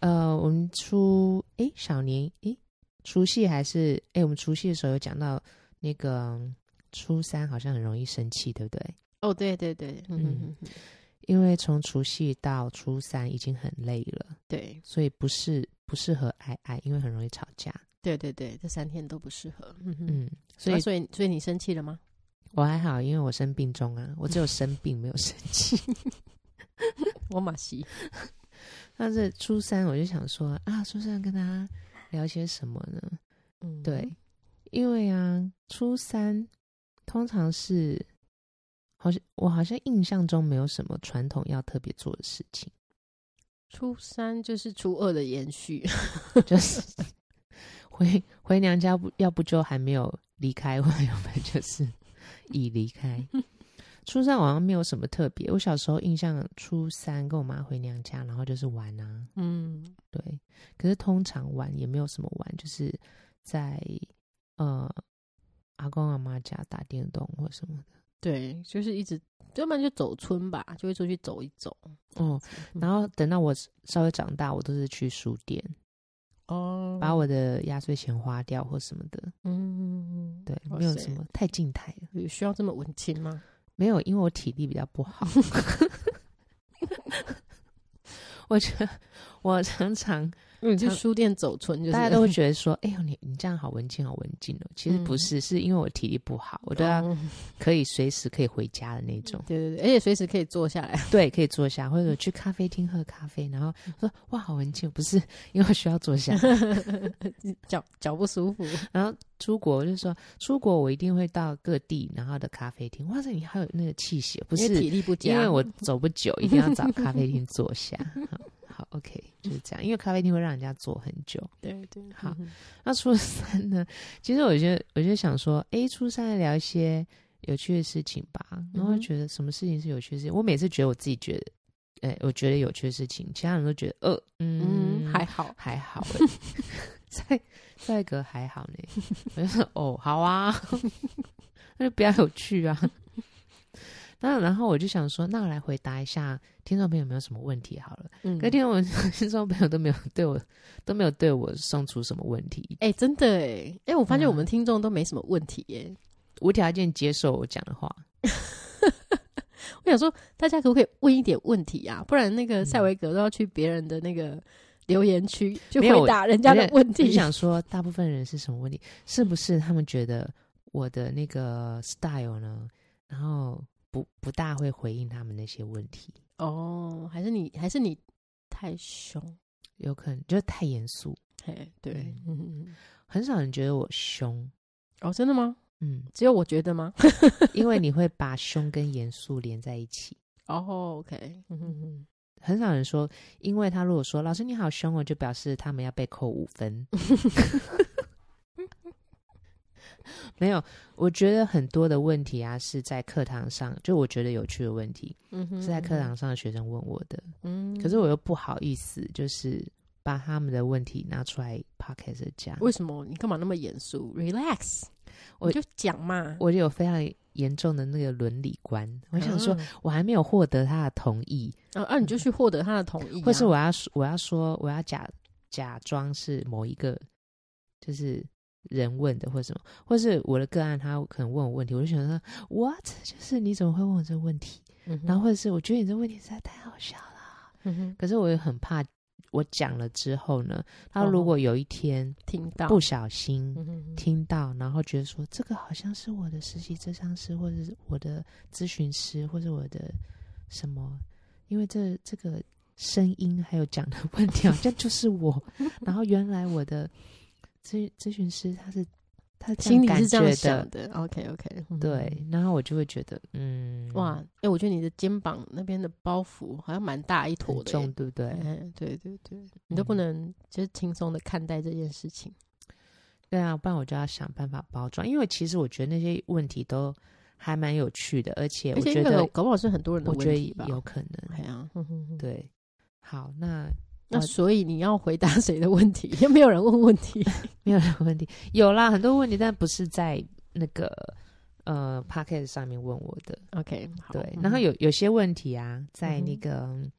呃，我們初哎、欸、小年哎，除、欸、夕還是哎、欸，我們除夕的時候有講到那個初三好像很容易生氣，對不對？哦，對對對，嗯，哼哼哼嗯，因為從除夕到初三已經很累了，對，所以不是不適合愛愛，因為很容易吵架。對對對，這三天都不適合。嗯哼嗯，所以、啊、所以所以你生氣了嗎？我還好，因為我生病中啊，我只有生病、嗯、沒有生氣。 我馬西。那這初三，我就想說啊，初三跟他聊些什麼呢？嗯，對，因為啊，初三通常是好像我好像印象中沒有什麼傳統要特別做的事情。初三就是初二的延續， 就是回回娘家不，不要不就還沒有離開，或要不就是已離開。 初三好像沒有什麼特別。我小時候印象，初三跟我媽回娘家，然後就是玩啊。嗯，對。可是通常玩也沒有什麼玩，就是在呃阿公阿媽家打電動或什麼的。對，就是一直，要不然就走村吧，就會出去走一走。哦、嗯。然後等到我稍微長大，我都是去書店，哦、嗯，把我的壓歲錢花掉或什麼的。嗯，對，沒有什麼、oh、say, 太靜態了。有需要這麼文青嗎？沒有，因為我體力比較不好。 我覺得我常常。因為、嗯、書店走村，他就是、大家都會覺得說：“ 哎呦，你你這樣好文靜，好文靜哦。”其實不是，嗯、是因為我體力不好，我對啊，可以隨時可以回家的那種。 對對對，而且隨時可以坐下來。 對，可以坐下，或者去咖啡廳喝咖啡。然後說：“哇，好文靜，不是，因為我需要坐下，腳腳 不舒服。”然後出國我就說：“出國，我一定會到各地，然後的咖啡廳。”哇塞，你還有那個氣血，不是，體力不佳，因為我走不久，一定要找咖啡廳坐下。 好，好，OK。就是這樣，因為咖啡廳會讓人家坐很久。對對，對好。嗯、哼那初三呢？其實我就我就想說，哎、欸，初三聊一些有趣的事情吧。然後覺得什麼事情是有趣的事情，嗯、哼我每次覺得我自己覺得，哎、欸，我覺得有趣的事情，其他人都覺得，呃，嗯，還好、嗯，還好，賽賽格還好呢。 我就說，哦，好啊， 那就比較有趣啊。那然後我就想說，那我來回答一下聽眾朋友有沒有什麼問題好了。嗯，可是聽眾聽眾朋友都沒有對我都沒有對我送出什麼問題。哎、欸，真的哎，哎、欸，我發現我們聽眾都沒什麼問題耶，無、嗯、條件接受我講的話。 我想說，大家可不可以問一點問題啊？不然那個賽維格都要去別人的那個留言區就、嗯、回答人家的問題。我想說，大部分人是什麼問題？是不是他們覺得我的那個 style 呢？然後。不不大會回應他們那些問題哦、oh,，還是你還是你太兇，有可能就是太嚴肅，哎、hey, 對、嗯，很少人覺得我兇哦，oh, 真的嗎？嗯，只有我覺得嗎？ 因為你會把兇跟嚴肅連在一起哦、oh,，OK，很少人說，因為他如果說 老師你好兇，我就表示他們要被扣五分。 沒有，我覺得很多的問題啊，是在課堂上，就我覺得有趣的問題，嗯哼嗯哼，是在課堂上的學生問我的。嗯、哼可是我又不好意思，就是把他們的問題拿出來 podcast 講。為什麼？你幹嘛那麼嚴肅？Relax，我就，講我就講嘛。我就有非常嚴重的那個倫理觀，我想說，我還沒有獲得他的同意。嗯嗯嗯、啊，那你就去獲得他的同意、啊，或是我要說，我要說，我要假假裝是某一個，就是。人問的或者什麼，或者是我的個案，他可能問我問題，我就想說，what？就是你怎麼會問我這個問題？嗯、哼然後或者是我覺得你這個問題實在太好笑了。嗯、哼可是我也很怕，我講了之後呢，他如果有一天聽到、哦嗯、不小心聽到,聽到，然後覺得說這個好像是我的實習諮商師，或者是我的諮詢師，或者是我的什麼，因為這這個聲音還有講的問題好像就是我。 然後原來我的。 諮諮詢師，他是他心裡是這樣想的。的 OK OK，、嗯、對，然後我就會覺得，嗯，哇，哎、欸，我覺得你的肩膀那邊的包袱好像蠻大一坨的，欸，重，對不對，嗯？對對對，嗯、你都不能就是輕鬆的看待這件事情。對啊，不然我就要想辦法包裝，因為其實我覺得那些問題都還蠻有趣的，而且我覺得而且我搞不好是很多人的問題吧，我覺得有可能，對，啊、 對，好，那。呃、那所以你要回答誰的問題？又 沒有人問問題， 沒有人問問題，有啦，很多問題，但不是在那個呃 podcast 上面問我的。OK，對，嗯、然後有有些問題啊，在那個、嗯、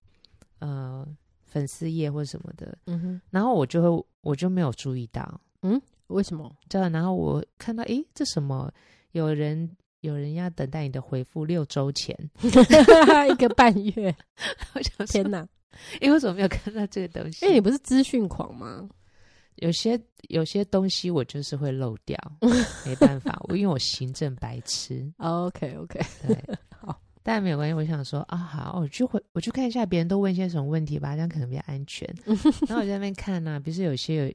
哼呃粉絲頁或什麼的，嗯哼，然後我就會我就沒有注意到，嗯，為什麼？這、啊、然後我看到，誒、欸，這是什麼？有人有人要等待你的回復六周前， 一個半月， 我想說 天吶。因為、欸、我怎麼沒有看到這個東西，因、欸、你不是資訊狂嗎？有些有些東西我就是會漏掉， 沒辦法，我因為我行政白痴。 對 OK OK， 對好，但沒有關係。我想說啊，好，我去回，我去看一下，別人都問一些什麼問題吧，這樣可能比較安全。 然後我在那邊看呢、啊，比如說有些有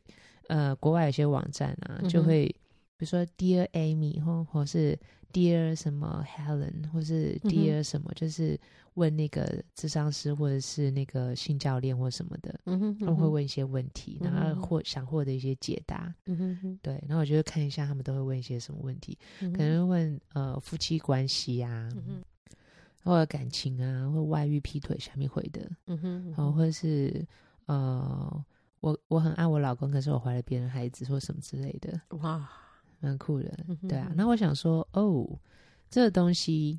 呃國外有些網站啊，就會、嗯、哼比如說 Dear Amy 或或是。Dear 什麼 Helen，或是 Dear 什麼，嗯、哼就是問那個諮商師，或者是那個性教練或什麼的，嗯哼，嗯哼，他們會問一些問題，然後或、嗯、哼想獲得一些解答，嗯哼，嗯哼，對，然後我就看一下他們都會問一些什麼問題，嗯、哼可能問呃夫妻關係啊，嗯哼，或者感情啊，或外遇劈腿什麼回的，嗯哼，嗯哼，然後或者是呃我我很愛我老公，可是我懷了別人孩子或什麼之類的，哇。蠻酷的，對啊。那我想說，哦，這個東西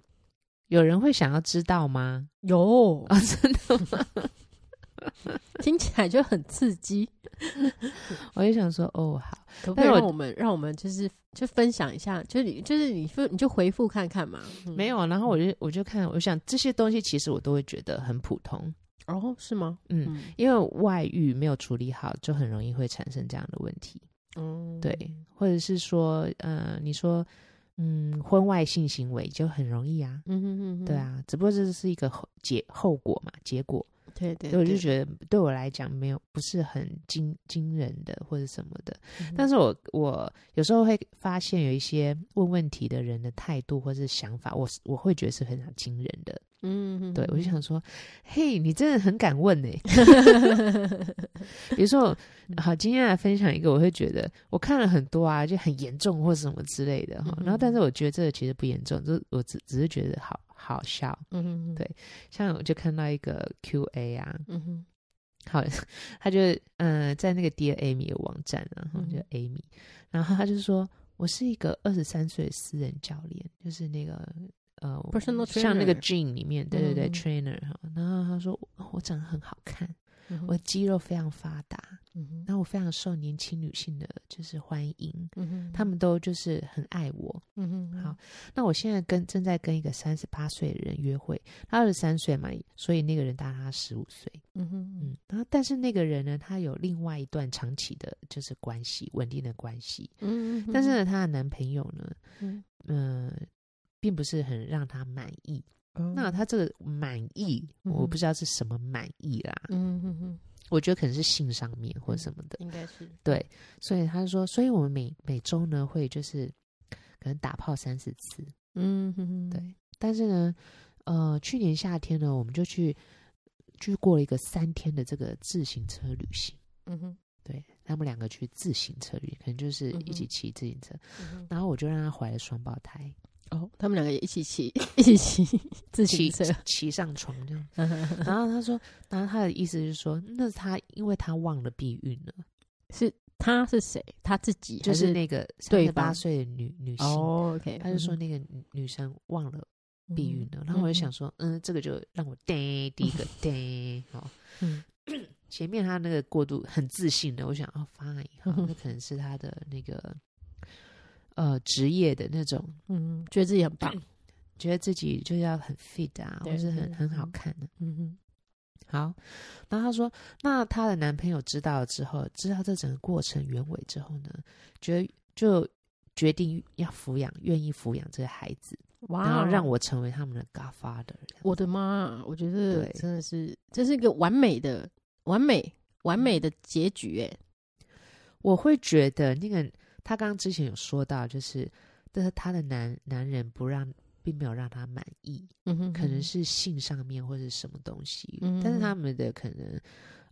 有人會想要知道嗎？有啊，哦，真的嗎？ 聽起來就很刺激。 我也想說，哦，好，可不可以讓我們我讓我們就是就分享一下，就你就是你，就是、你，你就回復看看嘛。嗯，沒有，然後我就我就看，我想這些東西其實我都會覺得很普通。哦，是嗎？嗯，嗯因為外遇沒有處理好，就很容易會產生這樣的問題。嗯，對，或者是說，呃，你說，嗯，婚外性行為就很容易啊，嗯嗯嗯，對啊，只不過這是一個後結後果嘛，結果。對對，對，我就覺得對我來講沒有不是很驚驚人的或者什麼的，嗯、哼但是我我有時候會發現有一些問問題的人的態度或是想法，我我會覺得是非常驚人的，嗯哼哼，對，我就想說，嘿，你真的很敢問呢、欸。 比如說，好，今天來分享一個，我會覺得我看了很多啊，就很嚴重或是什麼之類的哈，嗯、哼然後但是我覺得這個其實不嚴重，就我只只是覺得好。好笑，嗯哼哼，對，像我就看到一個 Q A 啊，嗯哼，好，他就嗯、呃，在那個 Dear Amy 的網站，然後就 Amy，、嗯、哼然後他就說我是一個二十三歲私人教練，就是那個呃，Trainer 像那個 Jane 裡面，對對對、嗯、哼，Trainer，然後他說我，我長得很好看。我肌肉非常發達，那、嗯、哼我非常受年輕女性的，就是歡迎，他、嗯、哼們都就是很愛我。嗯哼，哼，好，那我現在跟正在跟一個三十八歲的人約會，她二十三歲嘛，所以那個人大他十五歲。嗯哼，哼，嗯，然後但是那個人呢，他有另外一段長期的，就是關係，穩定的關係。嗯哼哼，但是呢，她的男朋友呢，嗯、呃，並不是很讓她滿意。那他這個滿意，嗯、我不知道是什麼滿意啦。嗯哼哼，我覺得可能是性上面或者什麼的，應該是對。所以他就說，所以我們每每周呢會就是可能打炮三四次。嗯哼哼，對。但是呢，呃，去年夏天呢，我們就去就過了一個三天的這個自行車旅行。嗯哼，對他們兩個去自行車旅行，可能就是一起騎自行車。嗯、哼然後我就讓他懷了雙胞胎。哦，他們兩個也一起騎，一起騎，一起騎上床，這樣。然後他說，然後他的意思就是說，那是他因為他忘了避孕了，是他是誰？他自己就是那個對。八歲的女女性。OK，他就說那個女生忘了避孕了。然後我就想說，嗯，這個就讓我第一個，好，前面他那個過度很自信的，我想，哦，fine，那可能是他的那個。呃，職業的那種，嗯哼，覺得自己很棒，嗯、覺得自己就要很 fit 啊，對或是很對很好看的、啊，嗯，哼嗯好，然後她說，那她的男朋友知道了之後，知道這整個過程原委之後呢，覺得就決定要撫養，願意撫養這個孩子，哇然後讓我成為他們的 godfather。我的媽，我覺得對真的是，這是一個完美的、完美、完美的結局、欸。哎，我會覺得那個。她剛剛之前有說到，就是但是她的男男人不讓，並沒有讓她滿意。嗯哼，嗯哼，可能是性上面或是什麼東西，嗯哼嗯哼，但是他們的可能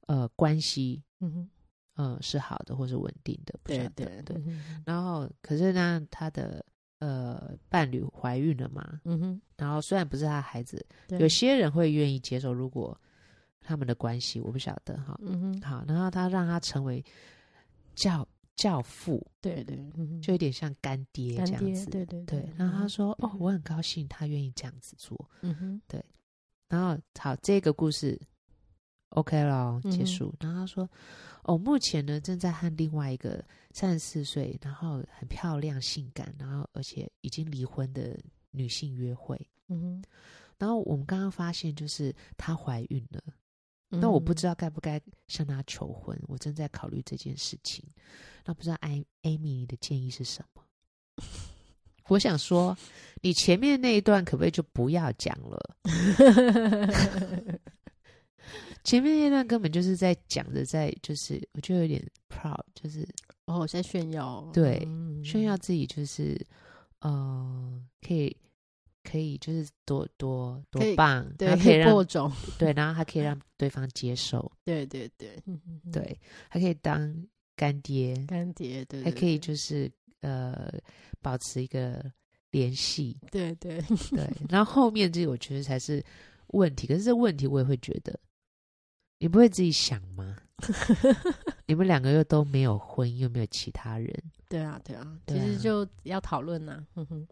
呃關係，嗯哼，呃是好的或是穩定的，不曉得。對，對，對，對。嗯哼然後可是呢，她的呃伴侶懷孕了嘛？嗯哼，然後雖然不是她孩子，對有些人會願意接受。如果他們的關係，我不曉得哈。嗯哼，好，然後他讓他成為叫。教父，對對，嗯、就有點像乾爹這樣子，對對對。對，然後他說：“哦，對我很高興他願意這樣子做。”嗯哼，對。然後好，這個故事 OK 了，結束。嗯、哼然後他說：“哦，目前呢，正在和另外一個三十四歲，然後很漂亮、性感，然後而且已經離婚的女性約會。”嗯哼。然後我們剛剛發現，就是她懷孕了。那我不知道該不該向他求婚，嗯，我正在考慮這件事情。那不知道艾艾米，你的建議是什麼？ 我想說，你前面那一段可不可以就不要講了？ 前面那段根本就是在講着，在就是，我就有點 proud，就是哦，我現在炫耀，對，炫耀自己，就是呃，可以。可以，可以，就是多多多棒，對，然後可以讓可以播種對，然後還可以讓對方接受， 對對對對，還可以當乾爹，乾爹對，對，對，還可以就是呃保持一個聯繫，對對對。然後後面這個我覺得才是問題，可是這問題我也會覺得，你不會自己想嗎？ 你們兩個又都沒有婚姻，又沒有其他人，對啊對啊，對啊對啊其實就要討論吶、啊，哼、嗯、哼。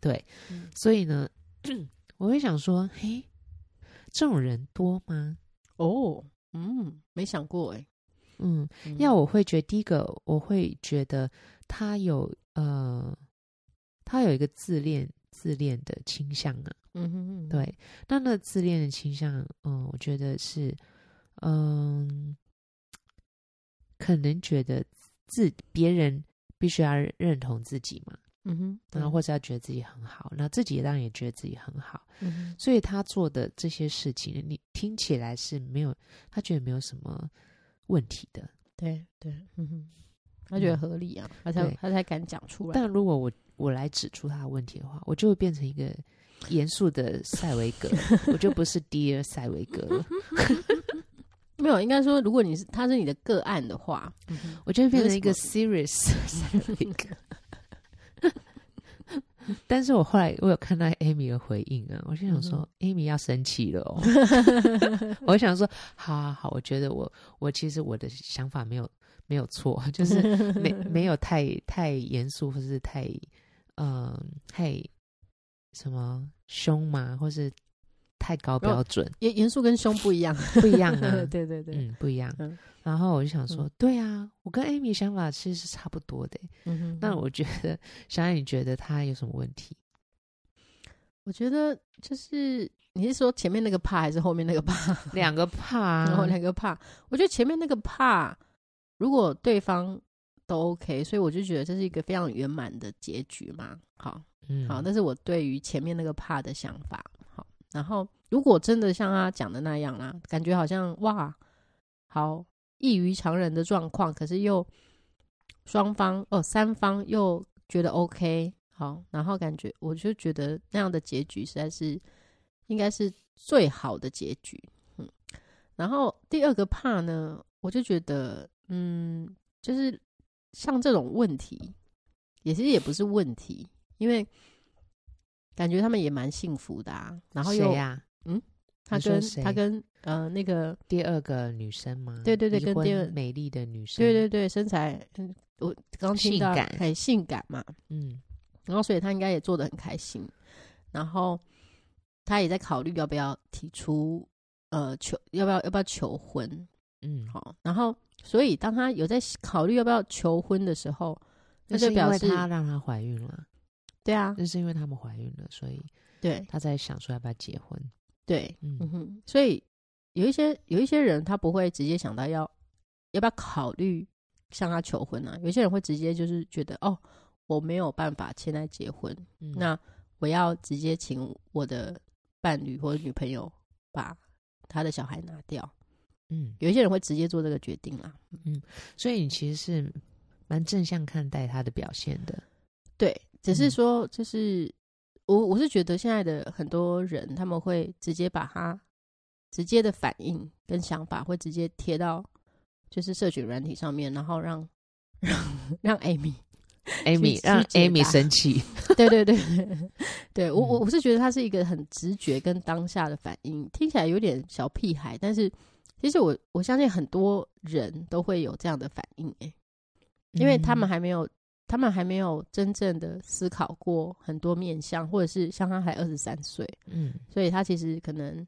對，嗯、所以呢， 我會想說，嘿、欸，這種人多嗎？哦，嗯，沒想過哎、欸，嗯，嗯，要我會覺得第一個，我會覺得他有呃，他有一個自戀、自戀的傾向啊。嗯哼哼，對，那那自戀的傾向，嗯、呃，我覺得是，嗯、呃，可能覺得自別人必須要認同自己嘛。嗯哼，然後或者他覺得自己很好，那自己也當然也覺得自己很好，嗯哼所以他做的這些事情，你聽起來是沒有，他覺得沒有什麼問題的，對對，嗯哼，他覺得合理啊，嗯、他才對他才敢講出來。但如果我我來指出他的問題的話，我就會變成一個嚴肅的賽維格， 我就不是 Dear 賽維格了。 沒有，應該說，如果你是他是你的個案的話，嗯、哼我就會變成一個 serious 賽維格。但是我後來我有看到艾米的回應啊，我就想說艾米，嗯、要生氣了哦，喔， 我想說好好好，我覺得我我其實我的想法沒有沒有錯，就是沒沒有太太嚴肅或是太嗯、呃、太什麼凶嘛或是。太高標準，嚴、哦、嚴肅跟凶不一樣， 不一樣的、啊、 對對對，嗯，不一樣。嗯、然後我就想說，嗯、對啊，我跟 Amy 想法其實是差不多的、欸。嗯哼、哼。那我覺得，小艾你覺得他有什麼問題？我覺得就是你是說前面那個怕還是後面那個怕？兩 個怕、啊，然後兩個怕。我覺得前面那個怕，如果對方都 OK，所以我就覺得這是一個非常圓滿的結局嘛。好，嗯，好。但是我對於前面那個怕的想法。然後，如果真的像他講的那樣啦，感覺好像哇，好異於常人的狀況，可是又雙方哦三方又覺得 OK 好，然後感覺我就覺得那樣的結局實在是應該是最好的結局。嗯，然後第二個 part 呢，我就覺得嗯，就是像這種問題，其實也不是問題，因為。感覺他們也蠻幸福的。啊，然後有呀。啊、嗯，他跟他跟呃那個第二個女生嗎？對對對，跟第二美麗的女生，對對對，身材，嗯，我剛聽到性感，很性感嘛，嗯，然後所以他應該也做得很開心，然後他也在考慮要不要提出呃求要不要要不要求婚，嗯，好，然後所以當他有在考慮要不要求婚的時候，那就表示他讓他懷孕了。對啊，就是因為他們懷孕了，所以對他在想說要不要結婚？對，嗯，嗯哼，所以有一些有一些人他不會直接想到要要不要考慮向他求婚呢、啊？有些人會直接就是覺得哦，我沒有辦法現在結婚，嗯、那我要直接請我的伴侶或者女朋友把他的小孩拿掉。嗯，有一些人會直接做這個決定啊。嗯，所以你其實是蠻正向看待他的表現的。嗯、對。只是說，就是我，我是覺得現在的很多人他們會直接把他直接的反應跟想法會直接貼到就是社群軟體上面，然後讓讓讓 AmyAmy 讓 Amy 生氣。 對對對， 對我我我是覺得他是一個很直覺跟當下的反應，聽起來有點小屁孩，但是其實我我相信很多人都會有這樣的反應哎、欸，因為他們還沒有。他們還沒有真正的思考過很多面相，或者是像他還二十三歲，嗯，所以他其實可能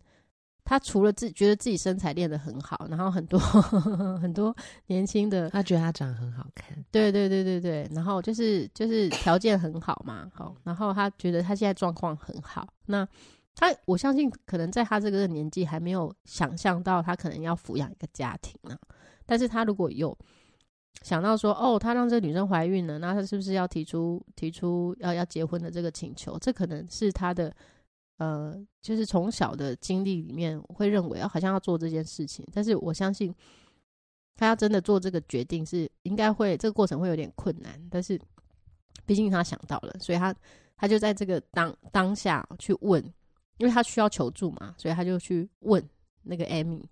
他除了自覺得自己身材練得很好，然後很多呵呵很多年輕的，他覺得他長得很好看，對對對對對，嗯，然後就是就是條件很好嘛，好、哦，然後他覺得他現在狀況很好，那他我相信可能在他這個年紀還沒有想象到他可能要撫養一個家庭呢、啊，但是他如果有。想到說，哦，他讓這個女生懷孕了，那他是不是要提出提出要要結婚的這個請求？這可能是他的，呃，就是從小的經歷裡面會認為要，好像要做這件事情。但是我相信，他要真的做這個決定是應該會這個過程會有點困難，但是畢竟他想到了，所以他他就在這個當當下去問，因為他需要求助嘛，所以他就去問那個 Amy。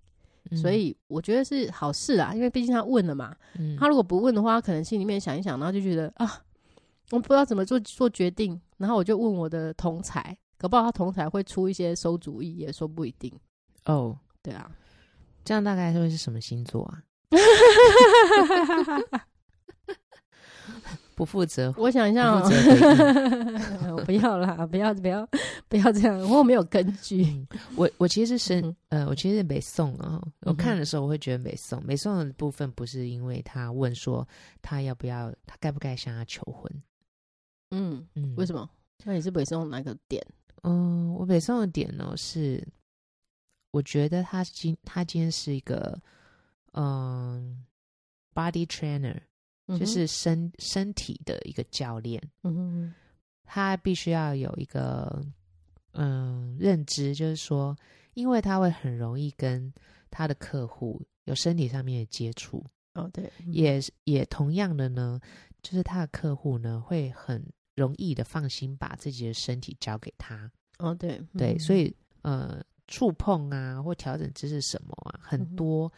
嗯、所以我覺得是好事啊，因為畢竟他問了嘛。嗯、他如果不問的話，他可能心裡面想一想，然後就覺得啊，我不知道怎麼做做決定，然後我就問我的同才，可不知道他同才會出一些餿主意，也說不一定。哦，對啊，這樣大概會是，是，是什麼星座啊？ 不負責，我想一下，對 我不要啦， 不要，不要，不要這樣，我沒有根據。嗯、我我其實是生，嗯、哼呃，我其實是北宋啊。我看的時候，我會覺得北宋，北宋、嗯、哼的部分不是因為他問說他要不要，他該不該向他求婚？嗯嗯，嗯為什麼？像你是北宋哪個點？嗯，我北宋的點呢、喔、是，我覺得他今他今天是一個嗯、呃、，body trainer。就是身身體的一個教練，嗯哼，他必須要有一個嗯認知，就是說，因為他會很容易跟他的客戶有身體上面的接觸，哦，對，嗯、也也同樣的呢，就是他的客戶呢會很容易的放心把自己的身體交給他，哦，對，嗯、對，所以呃，觸碰啊，或調整姿勢什麼啊，很多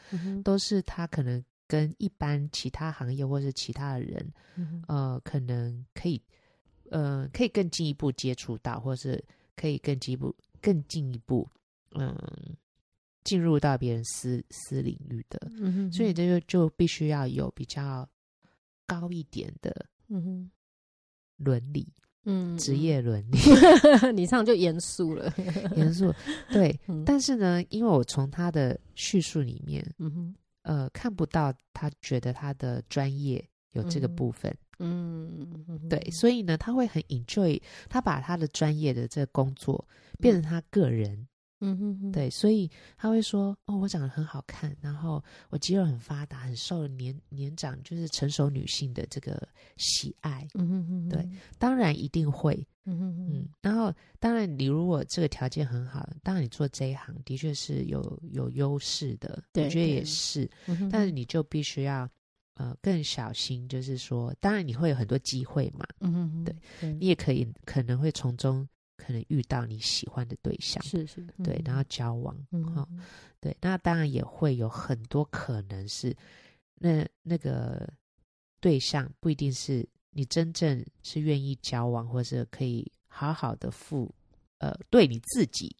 都是他可能。跟一般其他行業或是其他的人，嗯、哼呃，可能可以，呃，可以更進一步接觸到，或是可以更進一步、更進一步，嗯，進入到別人私私領域的。嗯、哼所以這就就必須要有比較高一點的，嗯哼，倫理，嗯，職業倫理。嗯嗯 你這樣就嚴肅了，嚴 肅。對，嗯、但是呢，因為我從他的敘述裡面，嗯呃，看不到他覺得他的專業有這個部分，嗯，嗯嗯對，所以呢，他會很 enjoy，他把他的專業的這個工作變成他個人。嗯嗯哼哼，對，所以他會說：“哦，我長得很好看，然後我肌肉很發達，很受年年長就是成熟女性的這個喜愛。嗯哼哼哼”，嗯對，當然一定會。嗯哼哼，嗯，然後當然，你如果這個條件很好，當然你做這一行的確是有有優勢的。對，我覺得也是。對，但是你就必須要呃更小心，就是說，當然你會有很多機會嘛。嗯哼哼，對，對，你也可以可能會從中。可能遇到你喜歡的對象，是是，嗯、對，然後交往，哈、嗯哼哦，對，那當然也會有很多可能是，那那個對象不一定是你真正是願意交往，或者是可以好好的負，呃，對你自己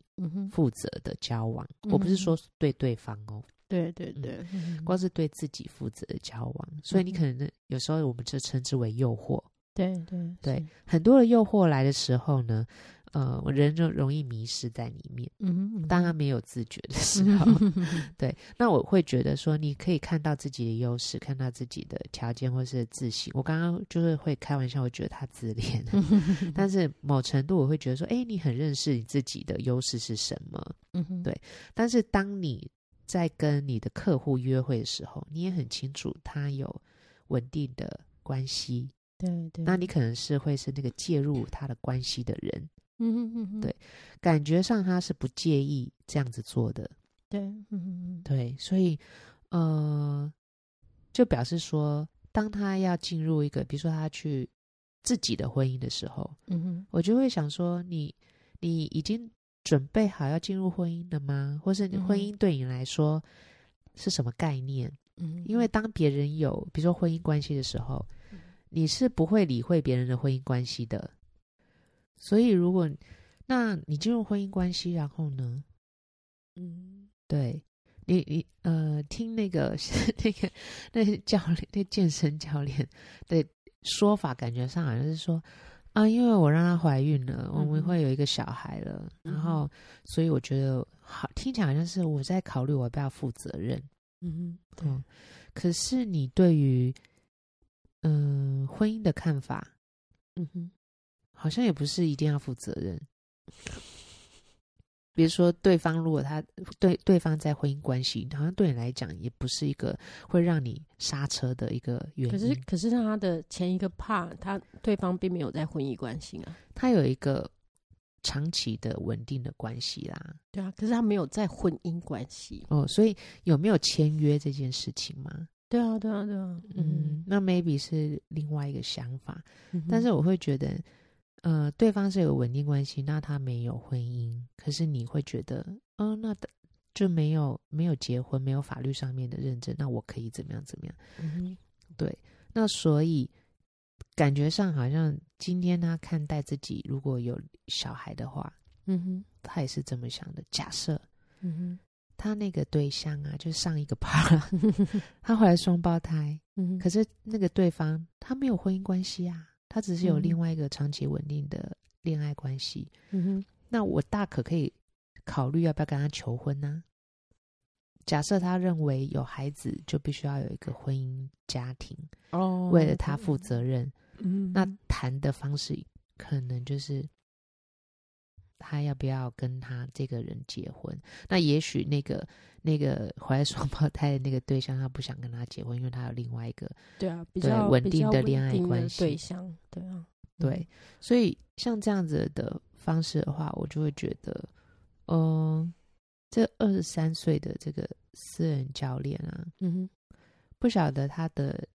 負責的交往。嗯、哼我不是說對對方哦，嗯、對對對，光是對自己負責的交往，所以你可能、嗯、哼有時候我們就稱之為誘惑，對對對，對對是很多的誘惑來的時候呢，呃，我人就容易迷失在裡面，嗯哼嗯哼，當他沒有自覺的時候， 對。那我會覺得說，你可以看到自己的優勢，看到自己的條件或是自信。我剛剛就是會開玩笑，我覺得他自戀，嗯哼嗯哼，但是某程度我會覺得說，哎、欸，你很認識你自己的優勢是什麼？嗯哼，對。但是當你在跟你的客戶約會的時候，你也很清楚他有穩定的關係，對，對對。那你可能是會是那個介入他的關係的人。嗯嗯嗯嗯， 對，感覺上他是不介意這樣子做的，對，嗯嗯嗯，對，所以，呃，就表示說，當他要進入一個，比如說他去自己的婚姻的時候，嗯哼，我就會想說，你你已經準備好要進入婚姻了嗎？或是你婚姻對你來說、嗯、哼是什麼概念？嗯哼，因為當別人有，比如說婚姻關係的時候，嗯、哼你是不會理會別人的婚姻關係的。所以，如果，那你進入婚姻關係，然後呢？嗯，對你，你呃，聽那個那個那教練、那個那個、健身教練的說法，感覺上好像是說啊，因為我讓她懷孕了，我們會有一個小孩了，嗯、哼然後，所以我覺得好，聽起來好像是我在考慮我要不要負責任。嗯哼嗯，可是你對於嗯、呃、婚姻的看法？嗯哼。好像也不是一定要負責任，比如說對方如果他對對方在婚姻關係，好像對你來講也不是一個會讓你剎車的一個原因。可是可是他的前一個怕他對方並沒有在婚姻關係啊，他有一個長期的穩定的關係啦。對啊，可是他沒有在婚姻關係哦，所以有沒有簽約這件事情嗎？對啊，對啊，對啊，對啊，對啊，嗯，那 maybe 是另外一個想法，嗯哼，但是我會覺得。呃，對方是有穩定關係，那他沒有婚姻，可是你會覺得，哦、呃，那就沒有沒有結婚，沒有法律上面的認證，那我可以怎麼樣怎麼樣？嗯哼，對，那所以感覺上好像今天他看待自己如果有小孩的話，嗯哼，他也是這麼想的。假設，嗯哼，他那個對象啊，就上一個啪、嗯哼， 他懷了雙胞胎，嗯哼，可是那個對方他沒有婚姻關係啊。他只是有另外一個長期穩定的戀愛關係，嗯哼，那我大可可以考慮要不要跟他求婚呢、啊？假設他認為有孩子就必須要有一個婚姻家庭，哦，為了他負責任，嗯哼，嗯哼，那談的方式可能就是。他要不要跟他這個人結婚？那也許那個那個懷雙胞胎的那個對象，他不想跟他結婚，因為他有另外一個對啊比較穩定的戀愛關係對象。對啊，對，所以像這樣子的方式的話，我就會覺得，嗯、呃，這二十三歲的這個私人教練啊，嗯哼，嗯，不曉得他的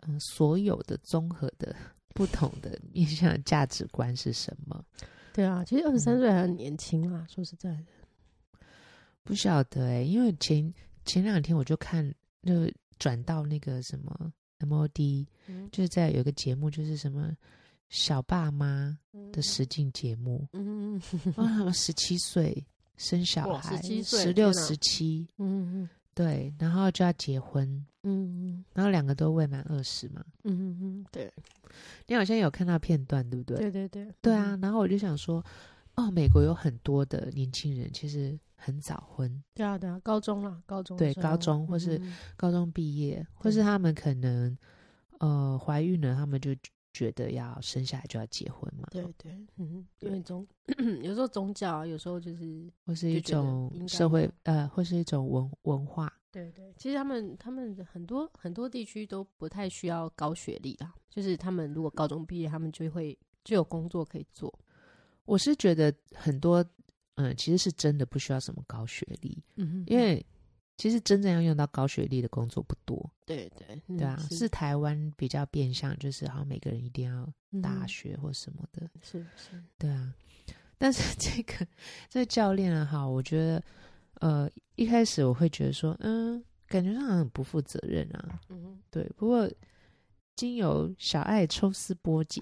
嗯所有的綜合的不同的面向價值觀是什麼。對啊，其實二十三歲還很年輕啊，嗯、說實在的。不曉得哎、欸，因為前前兩天我就看，就轉到那個什麼 MOD，、嗯、就是在有一個節目，就是什麼小爸媽的實境節目，嗯嗯，哇、嗯，十七歲生小孩，十七歲十六十七，嗯嗯。對，然後就要結婚，嗯，然後兩個都未滿二十嘛，嗯嗯嗯，對，你好像有看到片段，對不對？對對對，對啊，嗯、然後我就想說，哦，美國有很多的年輕人其實很早婚，對啊對啊，高中啦，高中，對，高中或是高中畢業，嗯嗯，或是他們可能呃懷孕了，他們就。覺得要生下來就要結婚嘛？對對，嗯，對因為宗有時候宗教、啊、有時候就是或是一種社會呃，或是一種文文化。對，對對，其實他們他們很多很多地區都不太需要高學歷啊。就是他們如果高中畢業，他們就會就有工作可以做。我是覺得很多嗯，其實是真的不需要什麼高學歷，嗯哼。因為。嗯其實真正要用到高學歷的工作不多，對對對啊，是，是台灣比較變相，就是好像每個人一定要大學或什麼的，是、嗯、是，是對啊。但是這個這個教練啊，哈，我覺得呃，一開始我會覺得說，嗯，感覺好像很不負責任啊，嗯哼，對。不過經由小愛抽絲剝繭，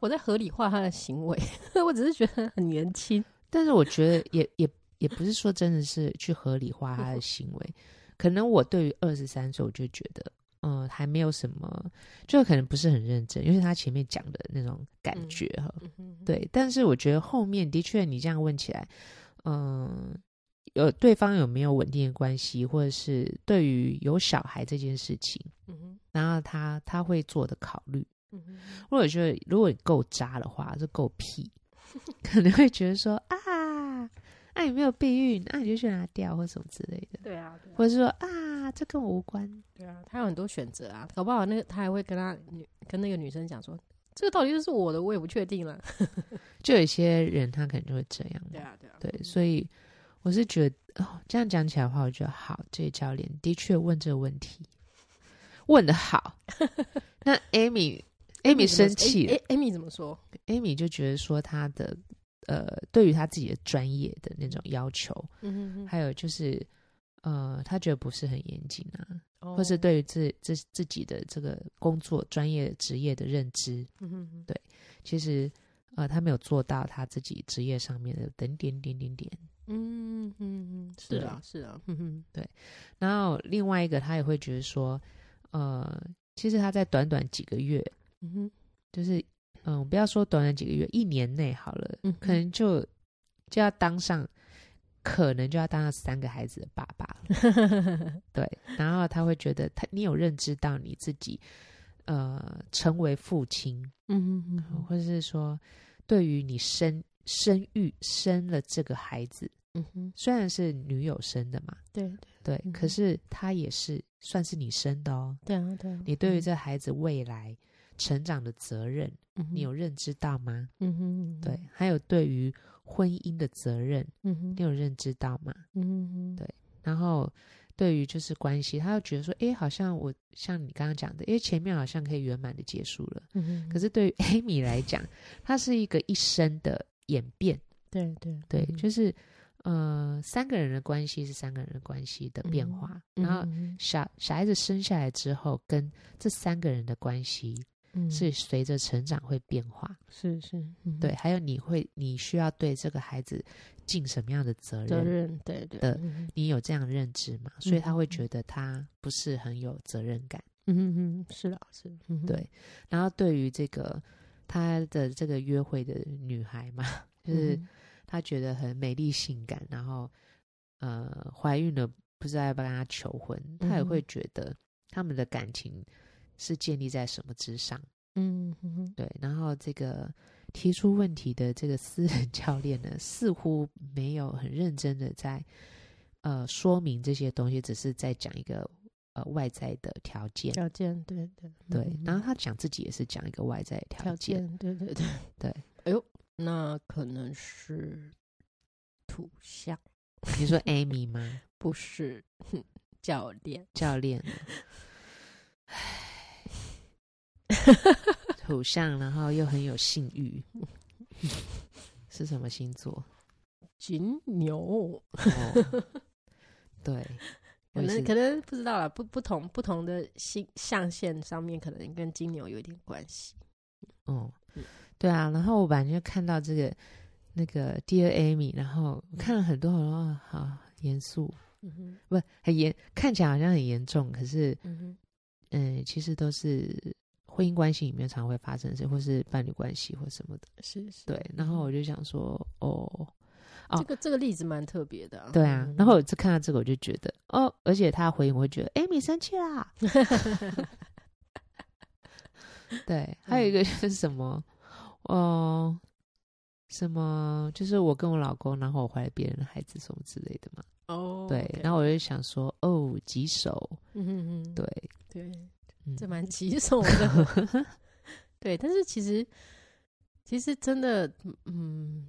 我在合理化他的行為， 我只是覺得很年輕，但是我覺得也也。也不是說真的是去合理化他的行為，嗯哼，可能我對於二十三歲，我就覺得，嗯，還沒有什麼，就可能不是很認真，因為他前面講的那種感覺哈，嗯嗯、對。但是我覺得後面的確，你這樣問起來，嗯，有對方有沒有穩定的關係，或者是對於有小孩這件事情，嗯哼，然後他他會做的考慮，嗯哼，我覺得如果你夠渣的話，是夠屁，可能會覺得說啊。那有、啊、沒有避孕？那、啊、你就去拿掉或什麼之類的。對啊。或者、啊、說啊，這跟我無關。對啊。他有很多選擇啊，搞不好那個他還會跟他跟那個女生講說，這個到底就是我的，我也不確定了、啊。 就有一些人他可能就會這樣。對啊，對啊。對，所以我是覺得，哦，這樣講起來的話，我覺得好，這教練的確問這個問題 問得好。 那 Amy，Amy 生氣了。Amy 怎麼說？Amy 就覺得說他的。呃，對於他自己的專業的那種要求，嗯、哼哼還有就是，呃，他覺得不是很嚴謹啊，哦、或是對於自自自己的這個工作專業職業的認知，嗯、哼哼對，其實，呃，他沒有做到他自己職業上面的等點點點點，嗯嗯嗯，是的、啊，對是的、啊，嗯哼，對。然後另外一個，他也會覺得說，呃，其實他在短短幾個月，嗯哼，就是。嗯，不要說短短幾個月，一年內好了，嗯、哼可能就就要當上，可能就要當上三個孩子的爸爸了。 對，然後他會覺得他，你有認知到你自己，呃，成為父親、嗯嗯嗯，嗯哼，或者是說，對於你生生育生了這個孩子，嗯哼，雖然是女友生的嘛，對對對，可是他也是算是你生的哦。對啊，對啊，你對於這孩子未來、嗯、成長的責任。你有認知到嗎？嗯哼，嗯哼，對。還有對於婚姻的責任，嗯哼，你有認知到嗎？嗯哼，嗯哼，對。然後對於就是關係，他又覺得說，哎、欸，好像我像你剛剛講的，哎、欸，前面好像可以圓滿的結束了。嗯哼嗯哼。可是對於 Amy 來講， 他是一個一生的演變。對對對，就是呃，三個人的關係是三個人的關係的變化，嗯哼嗯哼。然後小小孩子生下來之後，跟這三個人的關係。嗯，是隨着成長會變化，嗯、是是，嗯、對。還有你會你需要對這個孩子盡什麼樣的責任的？責任，對的，嗯、你有這樣認知嗎？所以他會覺得他不是很有責任感。嗯哼哼，是啦，是。嗯，對。然後對於這個他的這個約會的女孩嘛，就是他覺得很美麗性感，然後呃懷孕了，不是在幫他求婚，嗯、哼他也會覺得他們的感情。是建立在什麼之上？嗯哼哼，對。然後這個提出問題的這個私人教練呢，似乎沒有很認真的在呃說明這些東西，只是在講一個呃外在的條件。條件，對對對。對，然後他講自己也是講一個外在的條件。條件，對對對對。對，哎呦，那可能是圖像。你說 Amy 嗎？ 不是，哼，教練，教練。唉。 土象，然後又很有性慾， 是什麼星座？金牛。 哦、對，可能我可能不知道了。不，不同不同的星象限上面，可能跟金牛有一點關係。哦、嗯，對啊。然後我反正就看到這個那個 Dear Amy，然後看了很多很多，嗯哦，好嚴肅，很嚴肅嗯，哼不很嚴，看起來好像很嚴重，可是，嗯，哼嗯，其實都是。婚姻關係裡面常會發生的事或是伴侶關係或什麼的，是是。對，然後我就想說，哦，這個這個例子蠻特別的，對啊。然後我就看到這個，我就覺得，哦，而且他的回應，我會覺得，哎，你生氣啦？對。還有一個就是什麼，哦，什麼，就是我跟我老公，然後我懷了別人的孩子，什麼之類的嘛。哦，對。然後我就想說，哦，棘手。嗯哼對對。嗯、這蠻棘手的， 對，但是其實其實真的，嗯，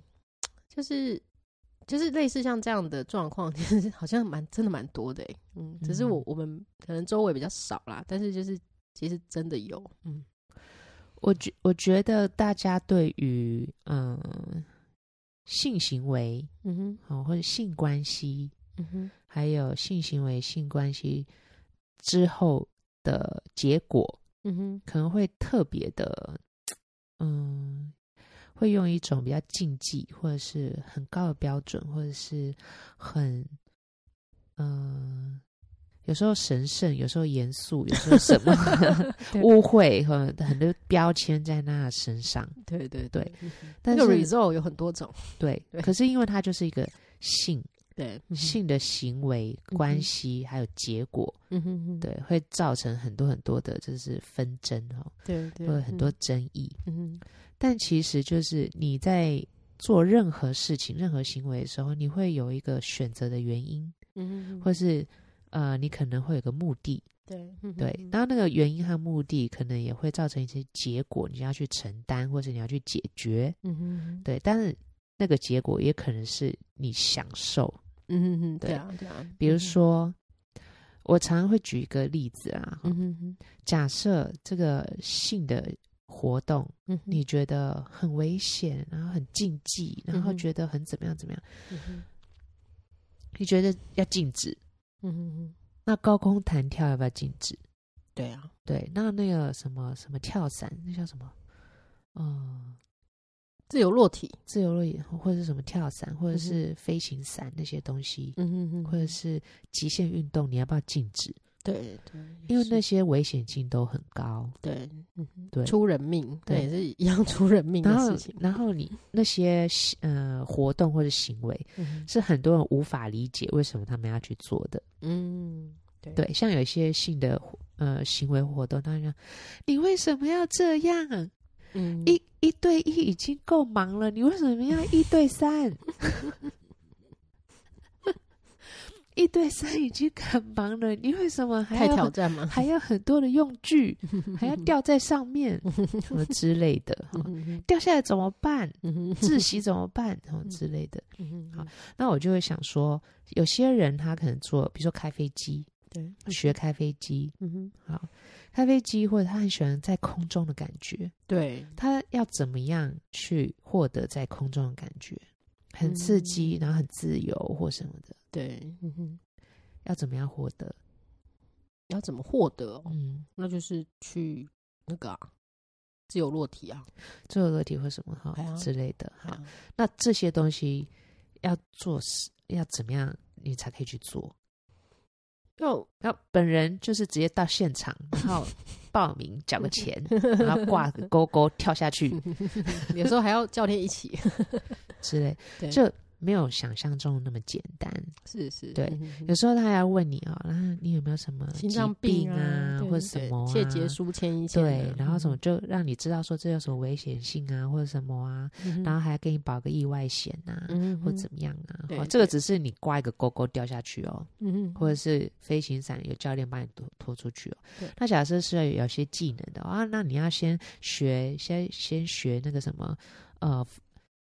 就是就是類似像這樣的狀況，其實好像蠻真的蠻多的，欸，嗯，只是我、嗯、哼我們可能周圍比較少啦，但是就是其實真的有，嗯，我覺我覺得大家對於嗯性行為，嗯哼嗯，或者性關係，嗯哼，還有性行為性關係之後的結果，嗯哼，可能會特別的，嗯，會用一種比較禁忌，或者是很高的標準，或者是很，嗯、呃，有時候神聖，有時候嚴肅，有時候什麼誤會和很多標籤在那身上。 對對對，對，但是 result 有很多種，對，對，可是因為它就是一個性。對、嗯、性的行為、關係、嗯、哼還有結果，嗯、哼對，會造成很多很多的，就是紛爭哦、喔，對，會很多爭議。嗯、哼但其實就是你在做任何事情、任何行為的時候，你會有一個選擇的原因，嗯哼，或是呃，你可能會有一個目的，對、嗯哼，對。然後那個原因和目的，可能也會造成一些結果，你要去承擔，或者你要去解決。嗯哼，對，但是那個結果也可能是你享受。嗯嗯對啊對啊，比如說，我常常會舉一個例子啊，假設這個性的活動，你覺得很危險，然後很禁忌，然後覺得很怎麼樣怎麼樣，你覺得要禁止？嗯嗯，那高空彈跳要不要禁止？對啊，對，那那個什麼什麼跳傘，那叫什麼？嗯。自由落體、自由落體，或者是什麼跳傘，或者是飛行傘那些東西，嗯嗯嗯，或者是極限運動，你要不要禁止？對對，因為那些危險性都很高，對對，出人命，對，是一樣出人命的事情。然後你那些呃活動或者行為，是很多人無法理解為什麼他們要去做的。嗯，對，像有一些性的呃行為活動，那樣，你為什麼要這樣？嗯、一一對一已經夠忙了，你為什麼要一對三？ 一對三已經很忙了，你為什麼還要？太挑戰嗎？還要很多的用具， 還要吊在上面 什麼之類的，喔嗯、哼掉下來怎麼辦？嗯、哼窒息怎麼辦？哦、喔、之類的。好，那我就會想說，有些人他可能做，比如說開飛機，對，學開飛機。okay. 嗯哼，好。開飛機，或者他很喜歡在空中的感覺。對，他要怎麼樣去獲得在空中的感覺？很刺激，嗯、哼然後很自由或什麼的。對，嗯、哼，要怎麼樣獲得？要怎麼獲得？嗯，那就是去那個、啊、自由落體啊，自由落體或什麼哈、哦哎、呀之類的哈、哎呀。那這些東西要做，要怎麼樣你才可以去做？就、oh, 然後本人就是直接到現場，然後報名 交個錢，然後掛個勾勾，跳下去， 有時候還要教練一起之 類嘞，對就。沒有想象中那麼簡單，是是，對。嗯、哼有時候他還要問你、喔、啊，你有沒有什麼心臟病啊，病啊或者什麼啊？對，切結書簽一下。然後什麼就讓你知道說這有什麼危險性啊，或者什麼啊？嗯、哼然後還要給你保個意外險啊，嗯、哼或怎麼樣啊？對這個只是你掛一個勾勾掉下去哦、喔，嗯嗯對，或者是飛行傘有教練幫你拖拖出去哦、喔。對那假設是要有些技能的、喔、啊，那你要先學，先先學那個什麼，呃。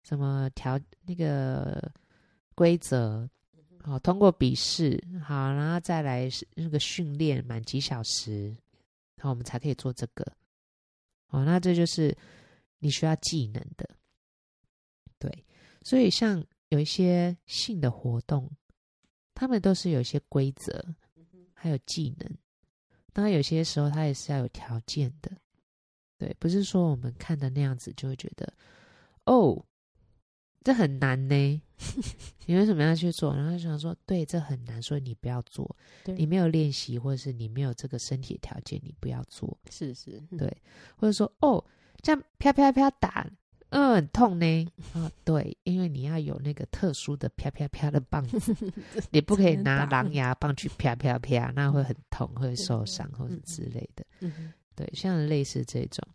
什麼調那個規則？好，通過筆試，好，然後再來那個訓練滿幾小時，然後我們才可以做這個。好，那這就是你需要技能的。對，所以像有一些性的活動，他們都是有一些規則，還有技能。當然，有些時候它也是要有條件的。對，不是說我們看的那樣子就會覺得哦。這很難呢，你為什麼要去做？ 然後想說，對，這很難，所以你不要做。對你沒有練習，或者是你沒有這個身體條件，你不要做。是是，嗯、對。或者說，哦，這樣啪啪啪打，嗯，很痛呢。啊、 哦，對，因為你要有那個特殊的啪啪啪的棒子， 你不可以拿狼牙棒去啪啪啪， 那會很痛， 會受傷或者之類的。對,對,對,嗯嗯對，像類似這種。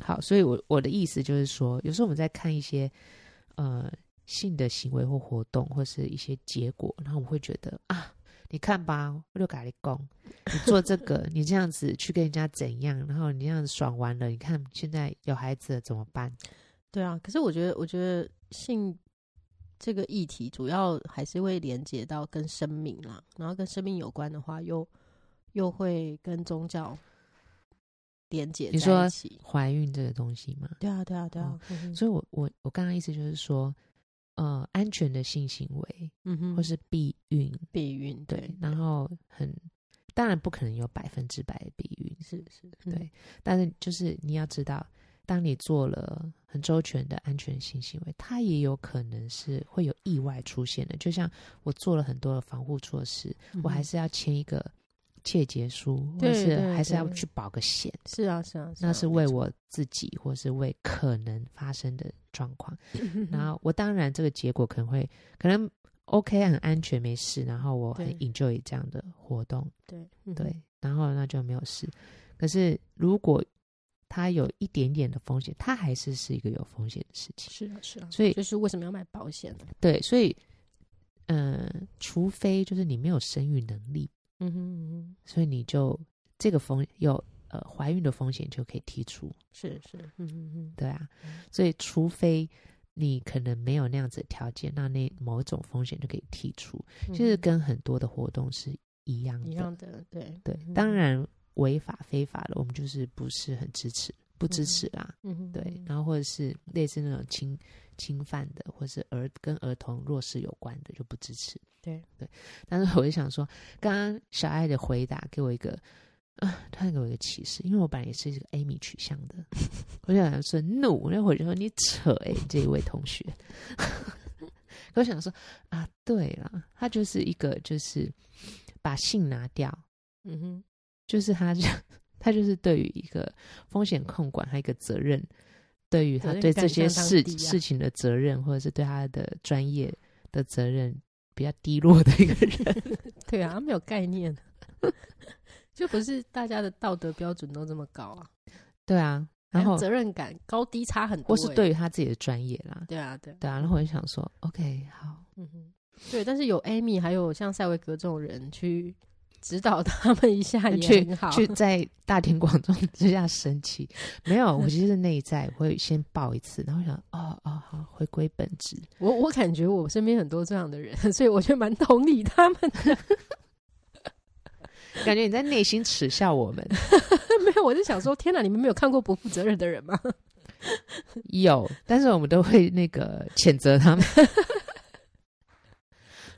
好，所以我，我我的意思就是說，有時候我們在看一些。呃，性的行為或活動，或是一些結果，然後我會覺得啊，你看吧，我就跟你說，你做這個， 你這樣子去跟人家怎樣，然後你這樣子爽完了，你看現在有孩子了怎麼辦？對啊，可是我覺得，我覺得性這個議題，主要還是會連接到跟生命啦，然後跟生命有關的話又，又又會跟宗教。連接你說懷孕這個東西嗎？對啊，對啊，對啊。所以，我我我剛剛意思就是說，呃，安全的性行為，嗯哼，或是避孕，避孕，對。然後，很，當然不可能有百分之百的避孕，是是，對。但是，就是你要知道，當你做了很周全的安全性行為，它也有可能是會有意外出現的。就像我做了很多的防護措施，我還是要簽一個。切結書，就是還是要去保個險？是啊，是啊，那是為我自己，或是為可能發生的狀況。 然後我當然這個結果可能會可能 OK，很安全，沒事。然後我很 enjoy 這樣的活動，對對,、嗯、對。然後那就沒有事。可是如果他有一點點的風險，他還是是一個有風險的事情。是啊，是啊。所以就是為什麼要買保險呢？對，所以嗯、呃，除非就是你沒有生育能力，嗯哼,嗯哼。所以你就這個風有呃懷孕的風險就可以剔除，是是，嗯嗯嗯，對啊，所以除非你可能沒有那樣子的條件，那那某種風險就可以剔除，嗯、就是跟很多的活動是一樣的，一樣的，對對，當然違法非法的我們就是不是很支持，不支持啦、啊，嗯對，然後或者是類似那種侵侵犯的，或者是兒跟兒童弱勢有關的就不支持，對對。但是我就想說，剛剛小愛的回答給我一個，突、呃、然給我一個啟示，因為我本來也是一個 Amy 取向的，我就想說怒，那會兒就說你扯哎、欸，這一位同學。 我想說啊，對了，他就是一個就是把性拿掉，嗯哼，就是他就。他就是對於一個風險控管，還有一個責任，對於他對這些事、啊、事情的責任，或者是對他的專業的責任比較低落的一個人。 對啊，他沒有概念， 就不是大家的道德標準都這麼高啊。對啊，然後責任感高低差很多、欸。或是對於他自己的專業啦。對啊，對，對啊，然後我就想說，OK，好，嗯哼，對，但是有 Amy，還有像賽維格這種人去。指導他們一下也很好，去，去在大庭廣眾之下生氣，沒有，我其實內在我會先爆一次，然後想，哦哦，好，回歸本質。我我感覺我身邊很多這樣的人，所以我覺得蠻同理他們的。 感覺你在內心恥笑我們， 沒有，我是想說，天哪，你們沒有看過不負責任的人嗎？ 有，但是我們都會那個譴責他們。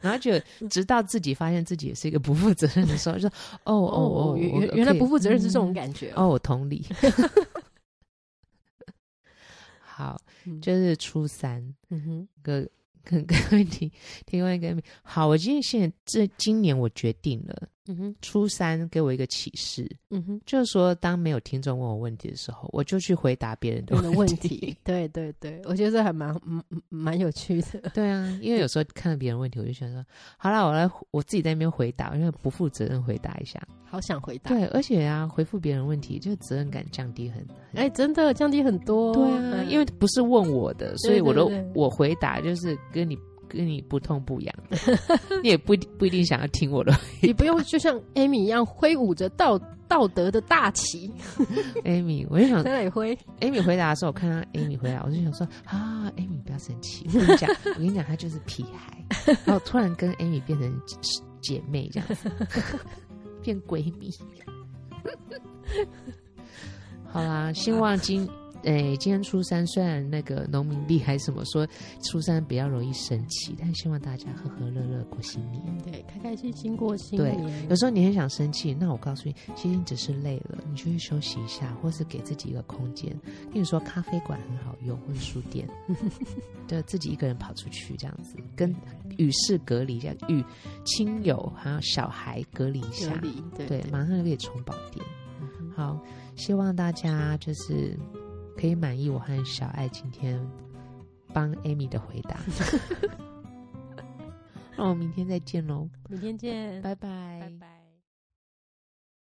然後就直到自己發現自己也是一個不負責任的時候，就說：“哦哦哦，原原原來不負責任是這種感覺。嗯”哦，我同理。 好，嗯、就是初三，嗯哼，各個各、各問題，提問一個問題。好，我今天現在這今年我決定了，嗯哼，初三給我一個啟示，嗯哼，就是說當沒有聽眾問我問題的時候，我就去回答別人的問題。嗯、的問題對對對，我覺得這還蠻蠻、嗯、蠻有趣的。對啊，因為有時候看到別人問題，我就想說，好啦，我來我自己在那邊回答，因為不負責任回答一下。好想回答。對，而且啊，回復別人問題，就責任感降低很哎、欸，真的降低很多。對啊，因為不是問我的，所以我都我回答就是跟你。跟你不痛不癢的，你也不一定不一定想要聽我的。 你不用就像 Amy 一樣揮舞着道道德的大旗。 Amy 我就想。在哪裡揮？Amy 回答的時候，我看到 Amy 回來，我就想說：“啊，Amy，不要生氣！我跟你講，我跟你講，她就是屁孩。” 然後突然跟 Amy 變成姐妹這樣子， 變閨蜜迷。 好啦，希望今。哎，今天初三，雖然那個農民曆還是什麼說初三比較容易生氣，但希望大家和和樂樂過新年。對，開開心心過新年。對，有時候你很想生氣，那我告訴你，其實你只是累了，你去休息一下，或是給自己一個空間。跟你說，咖啡館很好用，或者書店，對， 就自己一個人跑出去這樣子，跟與世隔離一下，與親友還有小孩隔離一下，對，對，對，馬上就可以充飽電。好，希望大家就是。可以滿意我和小愛今天幫 Amy 的回答、 哦，那我們明天再見嘍，明天見，拜拜拜拜。Bye bye